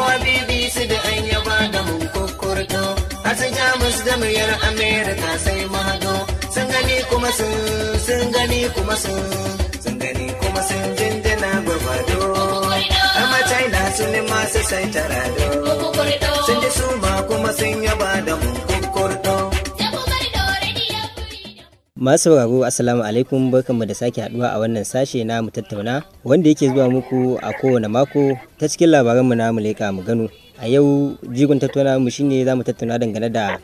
Kowa bibi su da an yaba da mun kokkorto. Asu Jamus da muryar Amerika sai mahado. Sun gani kuma sun, sun gani kuma sun, sun gani kuma sun jinjina gwargwado. Amma China ne masu sai tarado. Sun ji su ma kuma sun yaba da mun Masu sauraro Assalamu alaikum barkanmu da sake haduwa a wannan sashe na mu tattauna wanda yake zuwa muku a kowane mako ta cikin labaranmu na mu mu gano. A yau jigon tattauna mu shine za mu tattauna dangane da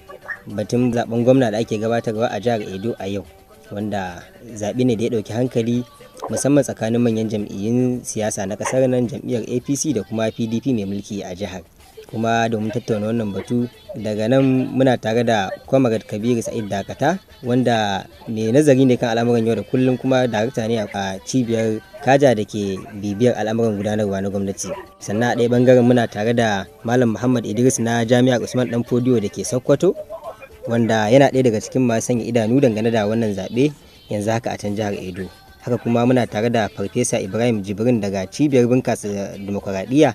batun zaben gwamna da ake gabatarwa a jihar Edo a yau wanda zaɓe ne da ya ɗauki hankali musamman tsakanin manyan jam'iyyun siyasa na ƙasar nan jam'iyyar APC da kuma PDP mai mulki a jihar. kuma domin tattauna wannan batu daga nan muna tare da kwamarar kabiru sa'id dakata wanda mai nazari ne kan al'amuran yau da kullum kuma darakta ne a cibiyar kaja da ke bibiyar al'amuran gudanarwa na gwamnati sannan a ɗaya bangaren muna tare da malam muhammad idris na jami'ar usman dan fodiyo da ke sokoto wanda yana ɗaya daga cikin masu sanya idanu dangane da wannan zaɓe yanzu haka a can jihar edo haka kuma muna tare da farfesa ibrahim jibrin daga cibiyar bunkasa eh, demokuraɗiyya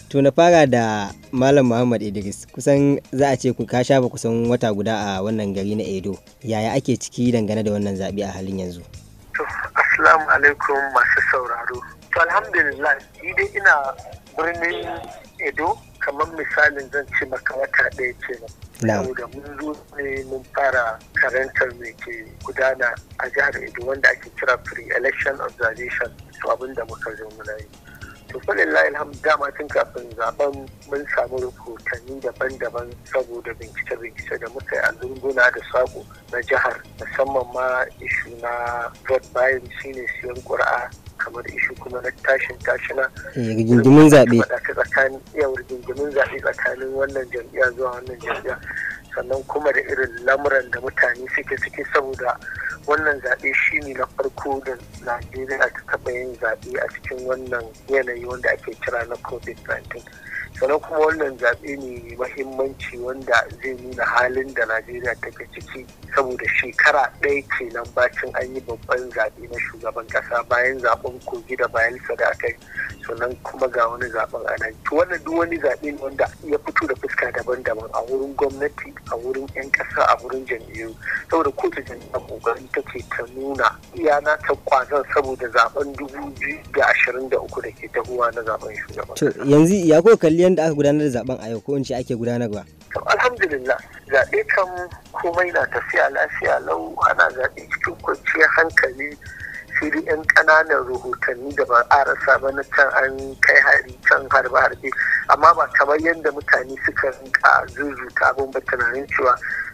To na fara da Malam Muhammad Idris kusan za a ce ku ka shafa kusan wata guda a wannan gari na Edo. Yaya ake ciki dangane da wannan zaɓe a halin yanzu? To, Assalamu alaikum masu sauraro. To, alhamdulillah, ni dai ina birnin Edo kamar misalin zan ce maka wata ɗaya ce da mun zo ne mun fara karantar mai ke gudana a jihar Edo wanda ake kira pre-election observation to abin da muka zo muna yi. to falillah ilham dama tun kafin zaben mun samu rahotanni daban-daban saboda bincike-bincike da muka yi a zunguna da sako na jihar musamman ma ishu na vote bayan shine siyan ƙura'a kamar ishu kuma na tashin tashina eh, rigingimin zaɓe yau rigingimin zaɓe tsakanin wannan jam'iyya zuwa wannan jam'iyya sannan kuma da irin lamuran da mutane suke suke saboda wannan zaɓe shi ne na farko da najeriya ta taɓa yin zaɓe a cikin wannan yanayi wanda ake kira na covid-19 sannan kuma wannan zaɓe ne mahimmanci wanda zai nuna halin da najeriya take ciki saboda shekara ɗaya kenan bacin an yi babban zaɓe na shugaban ƙasa bayan zaɓen kogi da bayan da aka yi sannan kuma ga wani zaɓen a nan to wannan duk wani zaɓe ne wanda ya fito da fuska daban-daban a wurin gwamnati a wurin 'yan ƙasa a wurin jam'iyyu saboda kotu jam'iyya ƙoƙari take ta nuna iya na ta kwazon saboda zaɓen dubu biyu da ashirin da uku da ke tahowa na zaben shugaban to yanzu ya ko kalli yadda aka gudanar da zaben a yau ko in ce ake gudanarwa to alhamdulillah zaɓe kan komai na tafiya lafiya lau ana zaɓe cikin kwanciyar hankali fili 'yan ƙananan rahotanni da ba a rasa ba na can an kai hari can harbe harbe amma ba kamar yadda mutane suka rinka zuzuta abin ba tunanin cewa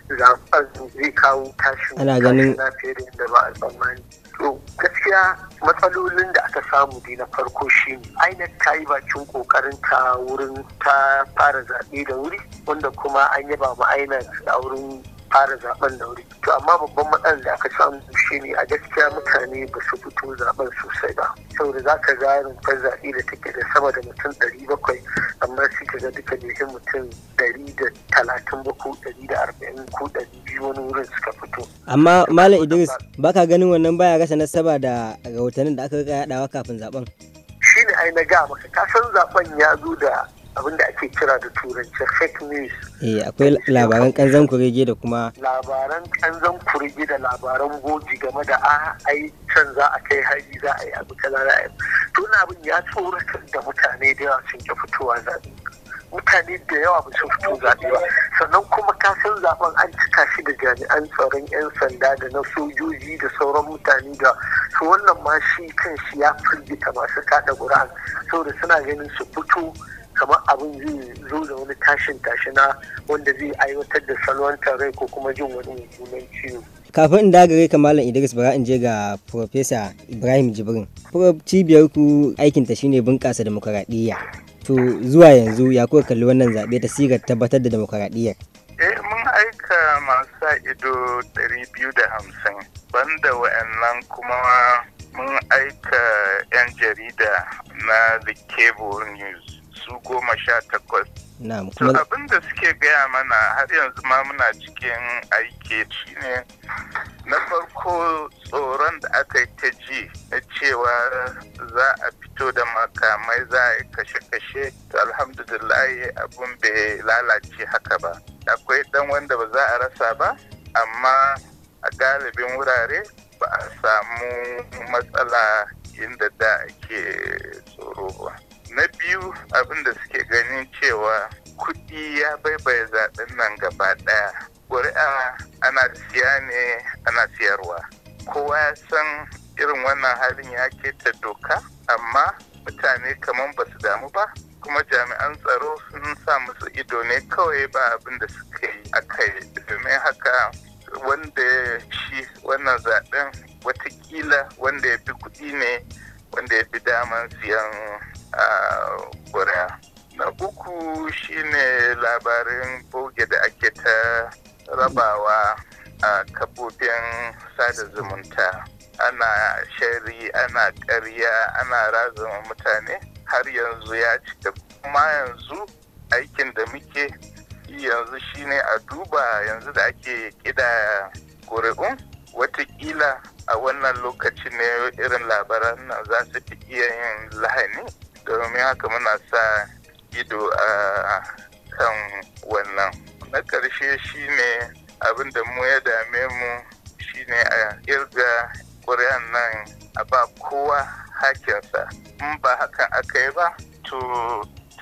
zaɓen zai kawo tashin ana ganin fiye da ba a tsammani to gaskiya matsalolin da aka samu dai na farko shi INEC ta yi bakin kokarin ta wurin ta fara zaɓe da wuri wanda kuma an yaba ma INEC a wurin fara zaben da wuri to amma babban matsalar da aka samu ne, a gaskiya mutane ba su fito zaben sosai ba saboda za ka ga rumfar zaɓe da take da sama da mutum ɗari bakwai amma sai ka ga duka jihin mutum ɗari da talatin ba ko ɗari da arba'in ko ɗari biyu wani wurin suka fito. amma malam idris baka ganin wannan baya rasa nasaba da watannin da aka yaɗawa kafin zaben. shine ai na ga maka ka zaben ya zo da abin da ake kira da turanci fake news eh akwai labaran kanzan kurege da kuma labaran kanzan kurege da labaran goji game da a ah, ai can za a kai hari za a yi abu kaza za a yi to abin ya tsoratar da mutane da yawa sun ki fitowa zaɓe mutane da yawa ba su fito zaɓe ba sannan kuma kasan zaɓen an cika shi da jami'an tsaron 'yan sanda da na sojoji da sauran mutane da su wannan ma shi kan shi ya firgita masu kaɗa ƙuri'an saboda suna ganin su fito kamar abin zai zo da wani tashin tashina wanda zai aiwatar da salon rai ko kuma jin wani mummunan ciwo kafin in dagare ka malam idris bara in je ga profesa ibrahim jibrin cibiyar ku aikinta shine bunƙasa demokaradiyya to zuwa yanzu ya kuka kalli wannan zaɓe ta sigar tabbatar da demokaradiyyar eh mun aika masu ido 250 banda wa'annan kuma mun aika 'yan jarida na the cable news su goma sha takwas. To abin da suke gaya mana har yanzu ma muna cikin aike shi ne na farko tsoron da aka yi ta ji na cewa za a fito da makamai za a yi kashe-kashe to alhamdulillahi abun bai lalace haka ba. Akwai dan wanda ba za a rasa ba amma a galibin wurare ba a samu matsala inda da ake tsoro ba. abin da suke ganin cewa kuɗi ya baibaye zaɓen nan gaba ɗaya ƙuri'a ana siya ne ana siyarwa kowa ya san irin wannan halin ya keta doka amma mutane kamar ba su damu ba kuma jami'an tsaro sun sa musu ido ne kawai ba abin da suka yi a kai domin haka wanda ya shi wannan zaɓen watakila wanda ya fi kuɗi ne wanda ya fi daman siyan A ƙuri'a na uku shine labarin boge da ake ta rabawa a kafofin sada zumunta ana shari ana karya, ana razama mutane har yanzu ya cika kuma yanzu aikin da muke yanzu shine a duba yanzu da ake ƙida ƙuri'un watakila a wannan lokacin ne irin labaran nan za su fi iya yin lahani domin haka muna sa ido a kan wannan na ƙarshe shine abin da mu ya dame mu shi ne a ƙirga ƙuri'an nan a ba kowa hakinsa in ba haka aka yi ba to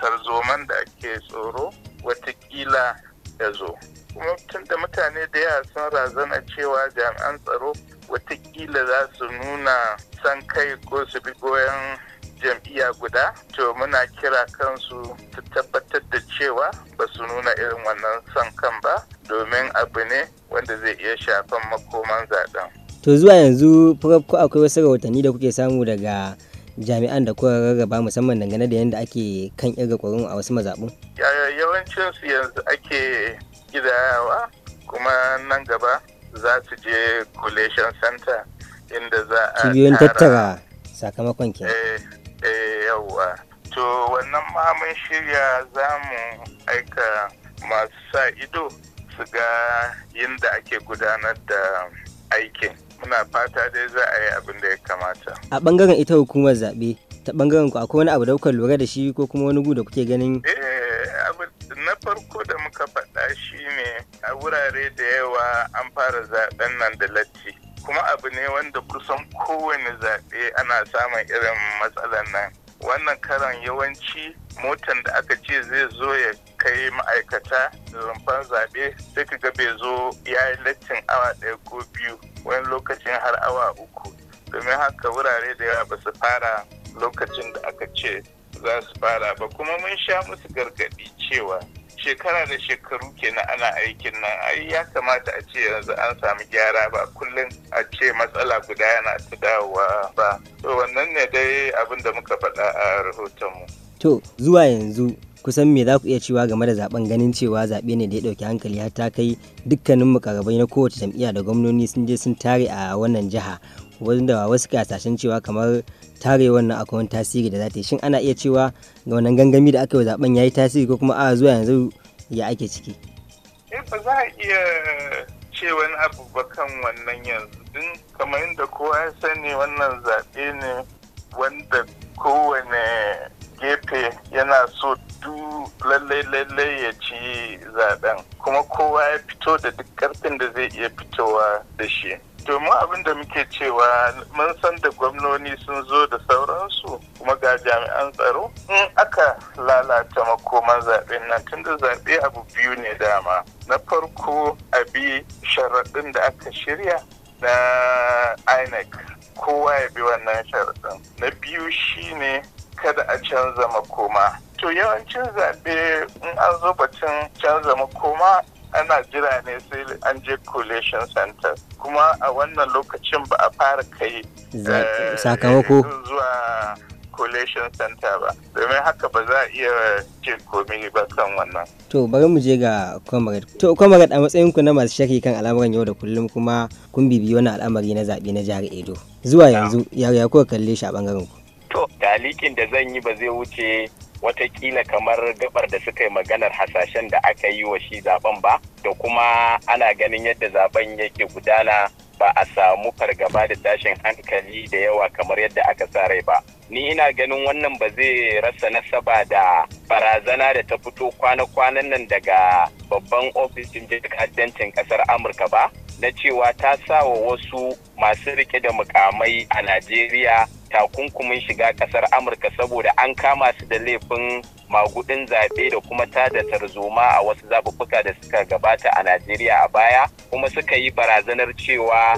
tarzoman da ake tsoro watakila ya zo kuma da mutane da ya sun razana cewa jami'an tsaro watakila za su nuna san kai ko su bi goyon jam'iyya guda to muna kira kansu su tabbatar da cewa ba su nuna irin wannan san kan ba domin abu ne wanda zai iya shafan makoman zaben to zuwa yanzu ko akwai wasu rahotanni da kuke samu daga jami'an da kuka rarraba musamman dangane da yadda ake kan irga ƙwarin a wasu mazaɓu yawancinsu yanzu ake kidayawa kuma nan gaba za su je collation center inda za a cibiyoyin tattara sakamakon ke eh, eh yawa to wannan ma mun shirya za mu aika masu sa ido su ga yadda ake gudanar da aikin muna fata dai za a yi abin da ya kamata a bangaren ita hukumar zaɓe ta bangaren ku akwai wani abu daukar lura da shi ko kuma wani gu da kuke ganin eh, na farko da muka faɗa shi ne a wurare da yawa an fara zaben nan da latti kuma abu ne wanda kusan kowane zaɓe ana samun irin matsalar nan wannan karan yawanci motan da aka ce zai zo ya kai ma'aikata da rumfan zaɓe sai ka ga bai zo ya yi lattin awa ɗaya ko biyu wani lokacin har awa uku domin haka wurare da yawa ba su fara lokacin da aka ce za su fara ba kuma mun sha musu gargaɗi cewa shekara da shekaru kenan ana aikin nan ai ya kamata a ce yanzu an samu gyara ba kullum a ce matsala guda yana ta dawowa ba to wannan ne dai abin da muka faɗa a rahotonmu to zuwa yanzu kusan me za ku iya cewa game da zaben ganin cewa zaɓe ne da ya ɗauki hankali har ta kai dukkanin mukarrabai na kowace jam'iyya da gwamnoni sun je sun tare a wannan jiha wanda wasu kasashen cewa kamar tare wannan akwai wani tasiri da za yi shin ana iya cewa ga wannan gangami da aka yi zaben ya yi tasiri ko kuma a zuwa yanzu ya ake ciki eh, ba za a iya ce wani abu ba kan wannan yanzu din kamar yadda kowa ya sani wannan zaɓe ne wanda kowane gefe yana so du lallai lallai ya ci zaɓen kuma kowa ya fito da duk ƙarfin da zai iya fitowa da shi domin abin da muke cewa mun san da gwamnoni sun zo da sauransu kuma ga jami'an tsaro in aka lalata makoman zaɓen nan tunda zaɓe abu biyu ne dama na farko a bi sharaɗin da aka shirya na inec kowa ya bi wannan sharaɗin na biyu shine kada a canza makoma to yawancin zaɓe in an zo batun canza makoma ana jira ne sai an je collation center kuma a wannan lokacin ba a fara kai eh, sakamako eh, zuwa collation center ba domin haka ba za a iya ce komi ba kan wannan to bari mu je ga comrade to comrade a matsayin ku na masu shaki kan al'amuran yau da kullum kuma kun bibi wani al'amari na zaɓe na jihar edo zuwa yanzu ya kuka kalle shi a bangaren ku to da da zan yi ba zai wuce watakila kamar gabar da suka yi maganar hasashen da aka yi wa shi zaben ba da kuma ana ganin yadda zaben yake gudana ba a samu fargaba da tashin hankali da yawa kamar yadda aka sa ba ni ina ganin wannan ba zai rasa nasaba da barazana da ta fito kwana-kwanan nan daga babban ofishin jakadancin kasar amurka ba na cewa ta sa wa wasu masu rike da mukamai a najeriya takunkumin shiga kasar amurka saboda an kama su da laifin magudin zaɓe da kuma tada tarzoma a wasu zaɓuɓɓuka da suka gabata a najeriya a baya kuma suka yi barazanar cewa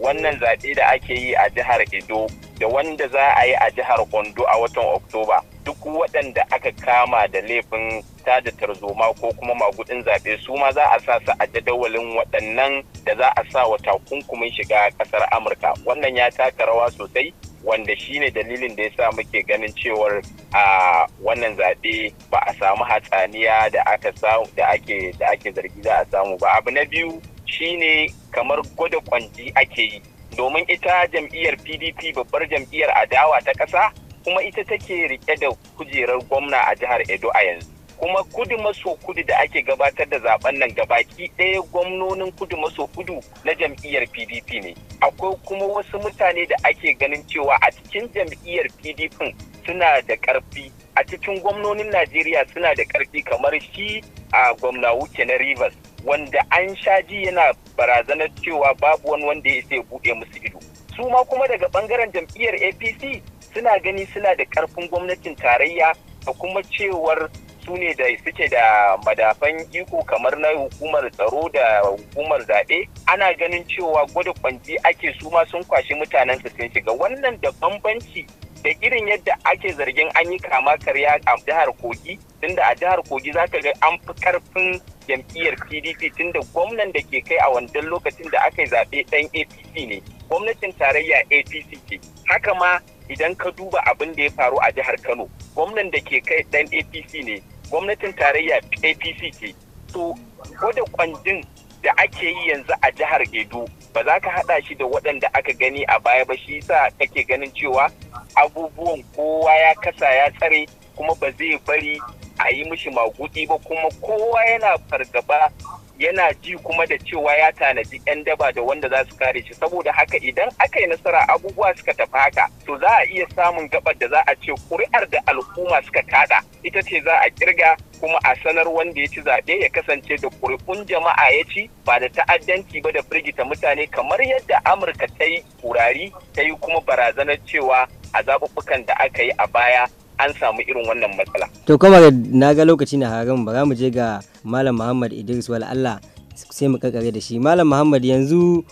wannan zaɓe da ake yi a jihar edo da wanda za a yi a jihar ondo a watan oktoba duk waɗanda aka kama da laifin tada tarzoma ko kuma magudin zaɓe su ma za a sa su a jadawalin waɗannan da za a sa wa takunkumin shiga ƙasar amurka wannan ya taka rawa sosai wanda shine dalilin da ya sa muke ganin cewar a wannan zaɓe ba a samu hatsaniya da aka da ake da ake zargi za a samu ba abu na biyu shine kamar gwada kwanji ake yi domin ita jam'iyyar pdp babbar jam'iyyar adawa ta ƙasa kuma ita take rike da kujerar gwamna a jihar edo a yanzu kuma kudu maso kudu da ake gabatar da zaben nan gabaki ɗaya gwamnonin kudu maso kudu na jam'iyyar pdp ne akwai kuma wasu mutane da ake ganin cewa a cikin jam'iyyar pdp suna da ƙarfi a cikin gwamnonin najeriya suna da ƙarfi kamar shi a gwamna wuce na rivers wanda an shaji yana barazanar cewa babu wani wanda ya sai buɗe musu ido su ma kuma daga bangaren jam'iyyar apc suna gani suna da karfin gwamnatin tarayya da kuma cewar su ne da suke da madafan iko kamar na hukumar tsaro da hukumar zaɓe ana ganin cewa gwada kwanci ake su ma sun kwashi mutanen su sun shiga wannan da bambanci da irin yadda ake zargin an yi kama karya a jihar kogi tunda a jihar kogi zaka ga an fi karfin jam'iyyar pdp tunda gwamnan da ke kai a wandan lokacin da aka yi zaɓe ɗan apc ne gwamnatin tarayya apc ce haka ma idan ka duba abin da ya faru a jihar kano gwamnan da ke kai ɗan apc ne gwamnatin tarayya apc ce, to gwada kwandin da ake yi yanzu a jihar edo ba za ka hada shi da waɗanda aka gani a baya ba shi sa kake ganin cewa abubuwan kowa ya kasa ya tsare kuma ba zai bari a yi mishi magudi ba kuma kowa yana fargaba yana ji kuma da cewa ya tanadi 'yan daba da wanda za su kare shi saboda haka idan aka yi nasara abubuwa suka tafi haka to za a iya samun gabar da za a ce kuri'ar da al'umma suka tada ita ce za a kirga kuma a sanar wanda ya ci zaɓe ya kasance da kuri'un jama'a ya ci ba da ta'addanci ba da firgita mutane kamar yadda amurka ta yi kurari ta yi kuma barazanar cewa a zaɓuɓɓukan da aka yi a baya an samu irin wannan matsala. To kamar na ga lokaci na haram ba za mu je ga Malam Muhammad Idris wal Allah sai mu kakare da shi. Malam Muhammad yanzu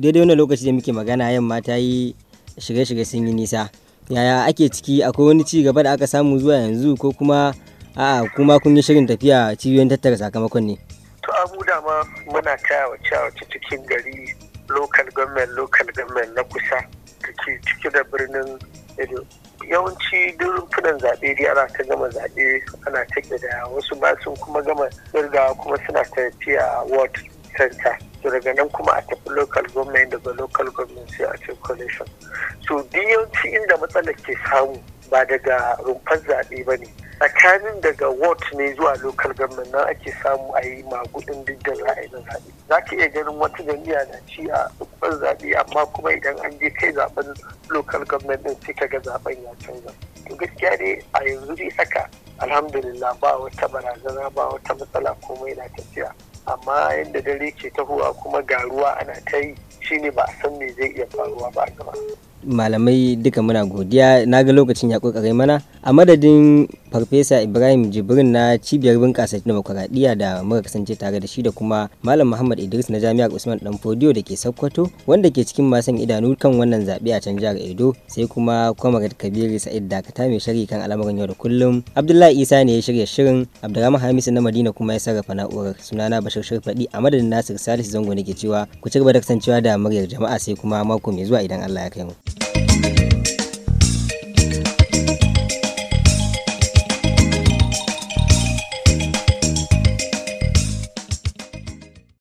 daidai wannan lokaci da muke magana yamma ta yi shirye-shirye sun yi nisa. Yaya ake ciki akwai wani ci gaba da aka samu zuwa yanzu ko kuma a'a kuma kun yi shirin tafiya cibiyoyin tattara sakamakon ne. To abu ma, muna kawo cawace cikin gari local government local government na kusa da ke cike da birnin yawanci durin fudan zaɓe dai ana ta gama zaɓe ana ta gida wasu ba sun kuma gama zirgawa kuma suna tafiya ward center to daga nan kuma a tafi local government daga local government sai a ce coalition so duk yawanci inda matsalar ke samu ba daga rumfar zaɓe ba ne tsakanin daga ward ne zuwa local government nan ake samu a yi magudin duk ra'ayin a zaɓe za ka iya ganin wata jami'a na ci a babban zaɓe amma kuma idan an je kai zaɓen local government din sai ga zaɓen ya canza to gaskiya ne a yanzu dai haka alhamdulillah ba wata barazana ba wata matsala komai na tafiya amma yadda dare ke tahowa kuma ga ruwa ana ta yi ne ba a san me zai iya faruwa ba gaba malamai duka muna godiya na ga lokacin ya kokare mana a madadin farfesa ibrahim jibrin na cibiyar bunƙasa demokuraɗiyya da muka kasance tare da shi da kuma malam muhammad idris na jami'ar usman dan fodiyo da ke sokoto wanda ke cikin masan idanu kan wannan zaɓe a can jihar edo sai kuma kwamarat kabiru sa'id dakata mai shari kan al'amuran yau da kullum abdullahi isa ne ya shirya shirin abdurrahman hamisu na madina kuma ya sarrafa na'urar sunana bashir shirfaɗi a madadin nasir salisu zango ne ke cewa ku ci gaba da kasancewa da muryar jama'a sai kuma mako mai zuwa idan allah ya kai mu.